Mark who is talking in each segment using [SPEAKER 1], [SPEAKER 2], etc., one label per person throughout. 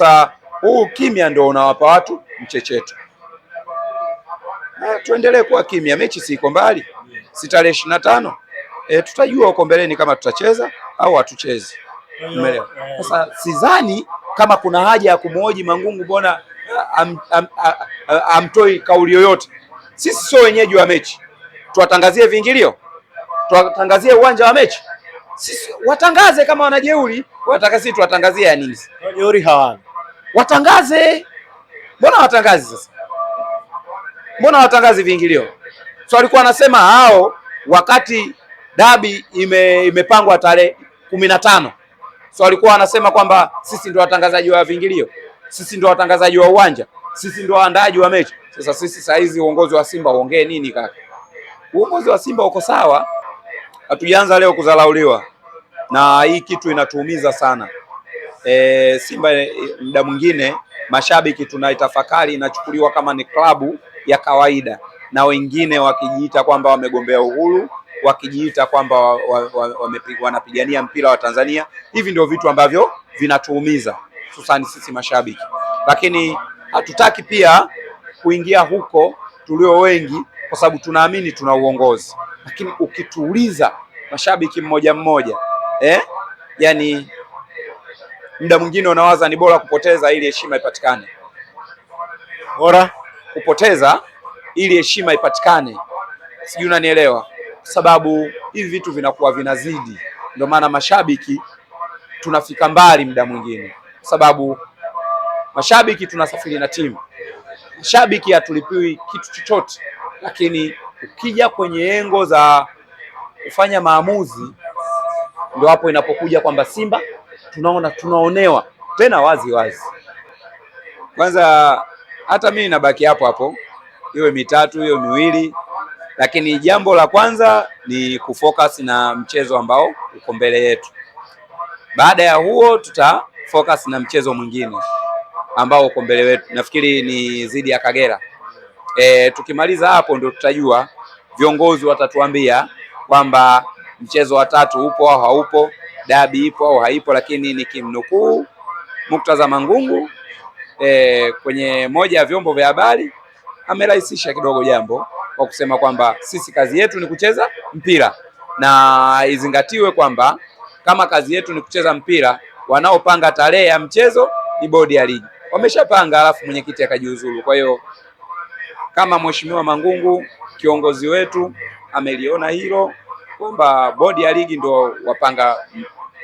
[SPEAKER 1] Sasa huu kimya ndio unawapa watu mchecheto. Tuendelee kuwa kimya, mechi si iko mbali, si tarehe ishirini na tano. E, tutajua huko mbeleni kama tutacheza au hatuchezi. Umeelewa? Sasa sidhani kama kuna haja ya kumhoji Mangungu, mbona am, am, am, amtoi kauli yoyote. Sisi sio wenyeji wa mechi, tuwatangazie viingilio, tuwatangazie uwanja wa mechi. Sisi watangaze kama wanajeuri, wataka sisi tuwatangazie ya nini? Jeuri hawana watangaze. Mbona watangazi sasa? Mbona watangazi viingilio? So alikuwa anasema hao wakati dabi ime, imepangwa tarehe kumi na tano. So alikuwa anasema kwamba sisi ndio watangazaji wa viingilio, sisi ndio watangazaji wa uwanja, sisi ndio waandaaji wa mechi. Sasa sisi saa hizi uongozi wa Simba uongee nini kaka? Uongozi wa Simba uko sawa, hatujaanza leo kudharauliwa, na hii kitu inatuumiza sana e, Simba muda mwingine mashabiki tunaitafakari inachukuliwa kama ni klabu ya kawaida, na wengine wakijiita kwamba wamegombea uhuru, wakijiita kwamba wa, wa, wa, wa, wanapigania mpira wa Tanzania. Hivi ndio vitu ambavyo vinatuumiza hususani sisi mashabiki, lakini hatutaki pia kuingia huko tulio wengi, kwa sababu tunaamini tuna uongozi. Lakini ukituuliza mashabiki mmoja mmoja eh, yani muda mwingine unawaza ni bora kupoteza ili heshima ipatikane, bora kupoteza ili heshima ipatikane, sijui unanielewa? Sababu hivi vitu vinakuwa vinazidi, ndio maana mashabiki tunafika mbali muda mwingine, sababu mashabiki tunasafiri na timu, mashabiki hatulipiwi kitu chochote, lakini ukija kwenye engo za kufanya maamuzi, ndio hapo inapokuja kwamba Simba tunaona tunaonewa tena wazi wazi. Kwanza hata mimi nabaki hapo hapo, iwe mitatu hiyo miwili, lakini jambo la kwanza ni kufocus na mchezo ambao uko mbele yetu. Baada ya huo tuta focus na mchezo mwingine ambao uko mbele wetu, nafikiri ni zidi ya Kagera. E, tukimaliza hapo ndio tutajua, viongozi watatuambia kwamba mchezo wa tatu upo au haupo dabi ipo au haipo, lakini nikimnukuu muktaza Mangungu e, kwenye moja ya vyombo vya habari amerahisisha kidogo jambo kwa kusema kwamba sisi kazi yetu ni kucheza mpira, na izingatiwe kwamba kama kazi yetu ni kucheza mpira, wanaopanga tarehe ya mchezo ni bodi ya ligi, wameshapanga alafu mwenyekiti akajiuzuru. Kwa hiyo kama mheshimiwa Mangungu kiongozi wetu ameliona hilo kwamba bodi ya ligi ndo wapanga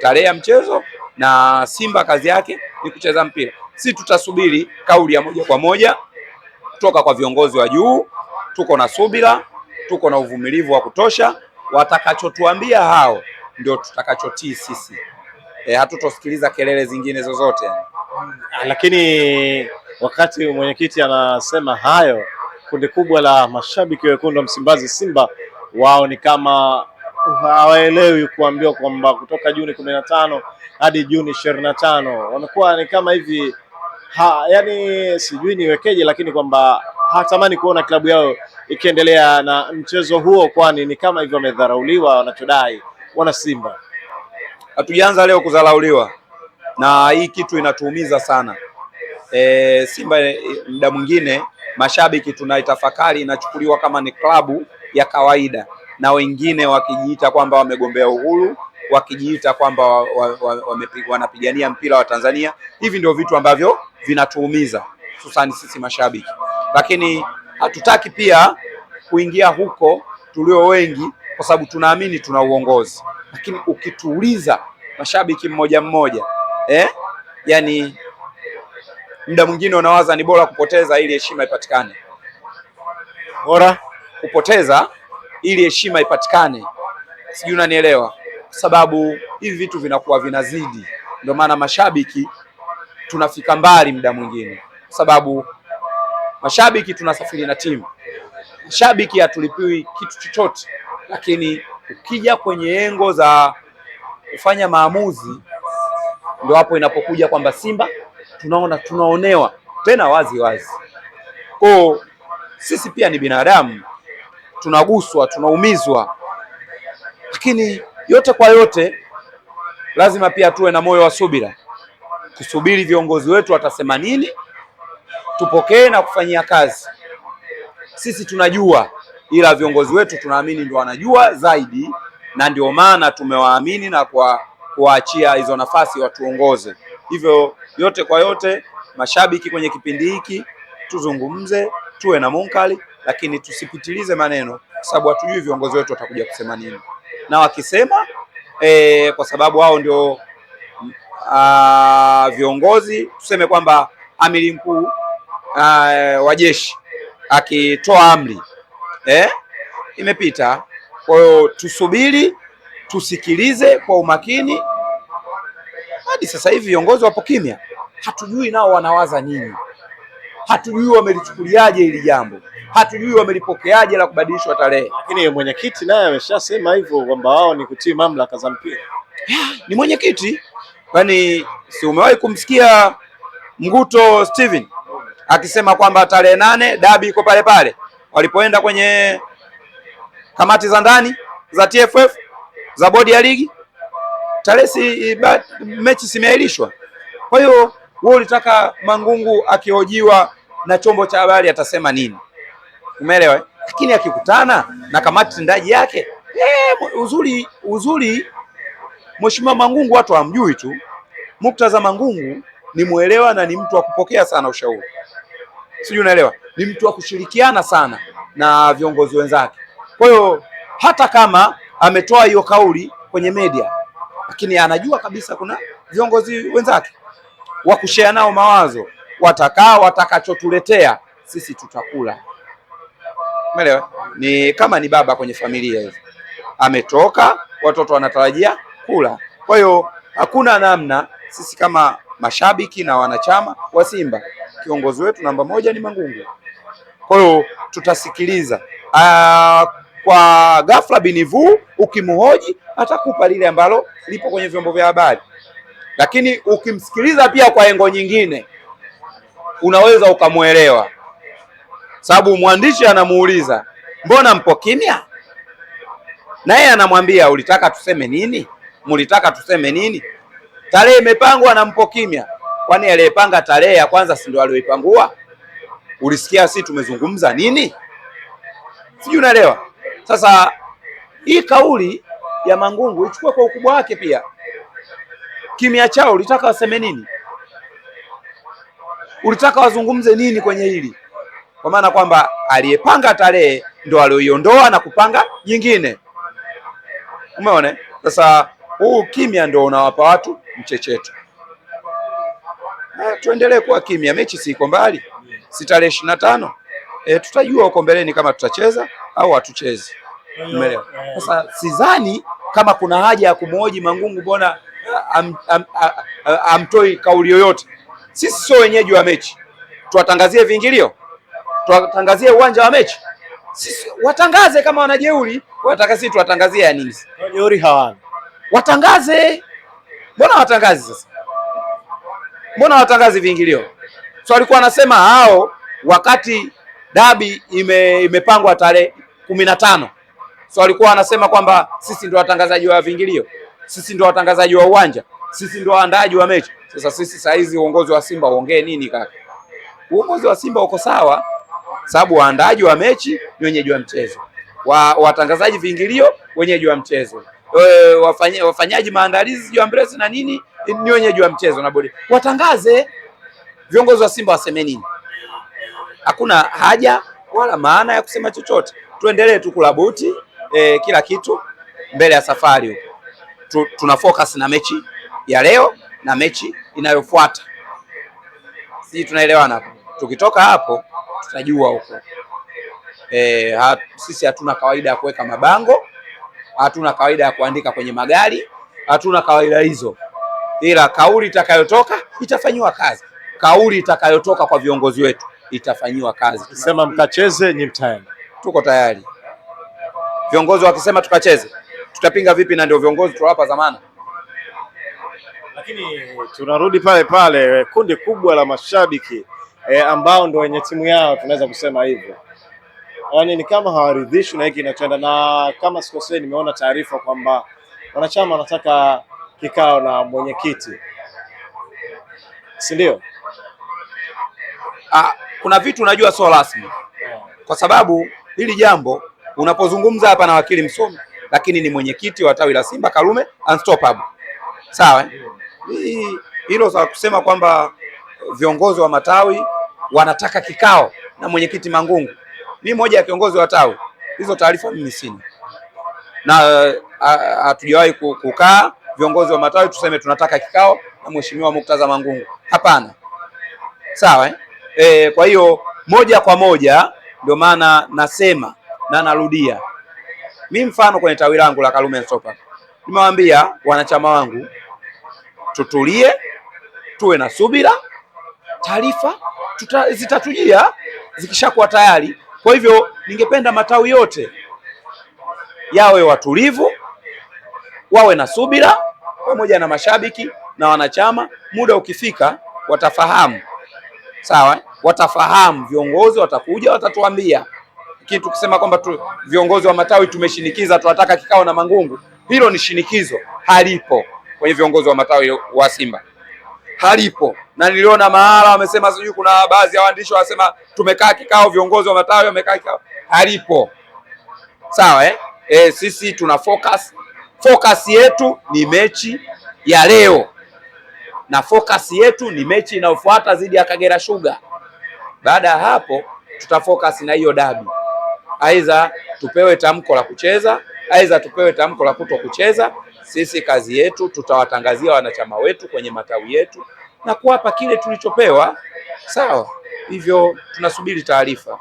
[SPEAKER 1] tarehe ya mchezo, na Simba kazi yake ni kucheza mpira. Si tutasubiri kauli ya moja kwa moja kutoka kwa viongozi wa juu. Tuko na subira, tuko na uvumilivu wa kutosha. Watakachotuambia hao ndio tutakachotii sisi. E, hatutosikiliza kelele zingine zozote.
[SPEAKER 2] Ah, lakini wakati mwenyekiti anasema hayo, kundi kubwa la mashabiki wekundu wa Msimbazi Simba wao ni kama hawaelewi kuambiwa kwamba kutoka Juni kumi na tano hadi Juni ishirini na tano wamekuwa ni kama hivi ha, yani sijui niwekeje, lakini kwamba hatamani kuona klabu yao ikiendelea na mchezo huo, kwani ni kama hivyo wamedharauliwa. Wanachodai wana Simba,
[SPEAKER 1] hatujaanza leo kudharauliwa, na hii kitu inatuumiza sana. E, Simba e, muda mwingine mashabiki tunaitafakari inachukuliwa kama ni klabu ya kawaida na wengine wakijiita kwamba wamegombea uhuru, wakijiita kwamba wanapigania wa, wa, wa, wanapigania mpira wa Tanzania. Hivi ndio vitu ambavyo vinatuumiza hususani sisi mashabiki, lakini hatutaki pia kuingia huko tulio wengi, kwa sababu tunaamini tuna uongozi. Lakini ukituuliza mashabiki mmoja mmoja, eh, yani muda mwingine unawaza ni bora kupoteza ili heshima ipatikane, bora kupoteza ili heshima ipatikane, sijui unanielewa, kwa sababu hivi vitu vinakuwa vinazidi. Ndio maana mashabiki tunafika mbali muda mwingine, kwa sababu mashabiki tunasafiri na timu, mashabiki hatulipiwi kitu chochote, lakini ukija kwenye engo za kufanya maamuzi, ndio hapo inapokuja kwamba Simba tunaona tunaonewa tena wazi wazi. Kwa sisi pia ni binadamu tunaguswa, tunaumizwa, lakini yote kwa yote lazima pia tuwe na moyo wa subira, kusubiri viongozi wetu watasema nini, tupokee na kufanyia kazi. Sisi tunajua, ila viongozi wetu tunaamini ndio wanajua zaidi, na ndio maana tumewaamini na kwa kuwaachia hizo nafasi watuongoze. Hivyo yote kwa yote, mashabiki kwenye kipindi hiki, tuzungumze, tuwe na munkali lakini tusipitilize maneno, kwa sababu hatujui viongozi wetu watakuja kusema nini na wakisema e, kwa sababu hao ndio a, viongozi. Tuseme kwamba amiri mkuu wa jeshi akitoa amri e, imepita. Kwa hiyo tusubiri, tusikilize kwa umakini. Hadi sasa hivi viongozi wapo kimya, hatujui nao wanawaza nini hatujui wamelichukuliaje hili jambo, hatujui wamelipokeaje la kubadilishwa tarehe.
[SPEAKER 2] Lakini mwenyekiti naye ameshasema hivyo kwamba wao ni kutii mamlaka za mpira.
[SPEAKER 1] Ni mwenyekiti, kwani si umewahi kumsikia Mguto Steven akisema kwamba tarehe nane dabi iko pale pale, walipoenda kwenye kamati za ndani za TFF za bodi ya ligi tarehe, mechi zimeahirishwa. Kwa hiyo wewe ulitaka Mangungu akihojiwa na chombo cha habari atasema nini? Umeelewa eh? Lakini akikutana na kamati tendaji yake eh, uzuri uzuri, Mheshimiwa Mangungu watu hamjui tu, muktaza Mangungu ni mwelewa na ni mtu wa kupokea sana ushauri, sijui unaelewa, ni mtu wa kushirikiana sana na viongozi wenzake. Kwa hiyo hata kama ametoa hiyo kauli kwenye media, lakini anajua kabisa kuna viongozi wenzake wa kushare nao mawazo, watakaa watakachotuletea sisi tutakula. Umeelewa? Ni kama ni baba kwenye familia hivi, ametoka watoto wanatarajia kula. Kwa hiyo hakuna namna, sisi kama mashabiki na wanachama wa Simba, kiongozi wetu namba moja ni Mangungu. Kwa hiyo tutasikiliza. Aa, ah, kwa ghafla binivu ukimhoji atakupa lile ambalo lipo kwenye vyombo vya habari lakini ukimsikiliza pia kwa engo nyingine unaweza ukamwelewa, sababu mwandishi anamuuliza mbona mpo kimya, naye anamwambia ulitaka tuseme nini? Mulitaka tuseme nini? Tarehe imepangwa na mpo kimya, kwani aliyepanga tarehe ya kwanza si ndio aliyoipangua? Ulisikia si tumezungumza nini? Sijui unaelewa. Sasa hii kauli ya Mangungu ichukue kwa ukubwa wake pia kimya chao ulitaka waseme nini? Ulitaka wazungumze nini kwenye hili? Kwa maana kwamba aliyepanga tarehe ndo alioiondoa na kupanga nyingine. Umeona? Eh? Sasa huu kimya ndo unawapa watu mchecheto. Eh, tuendelee kuwa kimya, mechi si iko mbali, si tarehe ishirini na tano. E, tutajua huko mbeleni kama tutacheza au hatuchezi. Umeelewa? Sasa sidhani kama kuna haja ya kumhoji Mangungu, mbona am, am, am, amtoi kauli yoyote. Sisi sio wenyeji wa mechi, tuwatangazie viingilio, tuwatangazie uwanja wa mechi sisi, watangaze kama wanajeuri wataka sisi tuwatangazie ya nini? Jeuri hawana, watangaze. Mbona watangazi sasa? Mbona watangazi viingilio? So walikuwa anasema hao wakati dabi ime, imepangwa tarehe kumi na tano so alikuwa wanasema kwamba sisi ndio watangazaji wa viingilio sisi ndo watangazaji wa uwanja, sisi ndo waandaji wa mechi. Sasa sisi saa hizi uongozi wa Simba uongee nini kaka? Uongozi wa Simba uko sawa, sababu waandaji wa mechi ni wenyeji wa mchezo, wa watangazaji viingilio, wenyeji wa mchezo e, wafanya, wafanyaji maandalizi mbrezi na nini ni wenyeji wa mchezo na bodi. Watangaze viongozi wa Simba waseme nini? Hakuna haja wala maana ya kusema chochote, tuendelee tu kulabuti e, kila kitu mbele ya safari tu, tuna focus na mechi ya leo na mechi inayofuata. Sisi tunaelewana, tukitoka hapo tutajua huko. E, hat, sisi hatuna kawaida ya kuweka mabango, hatuna kawaida ya kuandika kwenye magari, hatuna kawaida hizo, ila kauli itakayotoka itafanywa kazi, kauli itakayotoka kwa viongozi wetu itafanyiwa kazi. Tukisema
[SPEAKER 2] mkacheze, nyinyi mtaenda,
[SPEAKER 1] tuko tayari. Viongozi wakisema tukacheze tutapinga vipi na ndio viongozi hapa zamani,
[SPEAKER 2] Lakini tunarudi pale pale, kundi kubwa la mashabiki e, ambao ndio wenye timu yao, tunaweza kusema hivyo, yaani ni kama hawaridhishwi na hiki kinachoenda, na kama sikosei, nimeona taarifa kwamba wanachama wanataka kikao na mwenyekiti, si ndio?
[SPEAKER 1] Ah, kuna vitu unajua sio rasmi, kwa sababu hili jambo unapozungumza hapa na wakili msomi lakini ni mwenyekiti wa tawi la Simba Karume Unstoppable. Sawa, hilo za kusema kwamba viongozi wa matawi wanataka kikao na mwenyekiti Mangungu, mi moja ya kiongozi wa tawi, hizo taarifa mimi sina na hatujawahi kukaa viongozi wa matawi tuseme tunataka kikao na mheshimiwa Muktaza Mangungu, hapana. Sawa eh? eh? Kwa hiyo moja kwa moja ndio maana nasema na narudia Mi mfano kwenye tawi langu la Karume Soka nimewaambia wanachama wangu tutulie, tuwe na subira, taarifa zitatujia zikishakuwa tayari. Kwa hivyo ningependa matawi yote yawe watulivu, wawe na subira, pamoja na mashabiki na wanachama. Muda ukifika watafahamu, sawa, watafahamu. Viongozi watakuja, watatuambia kitu kusema kwamba tu, viongozi wa matawi tumeshinikiza, tunataka kikao na Mangungu. Hilo ni shinikizo, halipo kwenye viongozi wa matawi wa Simba halipo. Na niliona mahala wamesema sijui, kuna baadhi ya waandishi wanasema tumekaa kikao, viongozi wa matawi wamekaa kikao, halipo. Sawa eh? E, sisi tuna focus. Focus yetu ni mechi ya leo na focus yetu ni mechi inayofuata dhidi ya Kagera Sugar. Baada ya hapo tutafocus na hiyo dabi aidha tupewe tamko la kucheza, aidha tupewe tamko la kuto kucheza. Sisi kazi yetu tutawatangazia wanachama wetu kwenye matawi yetu na kuwapa kile tulichopewa. Sawa, hivyo tunasubiri taarifa.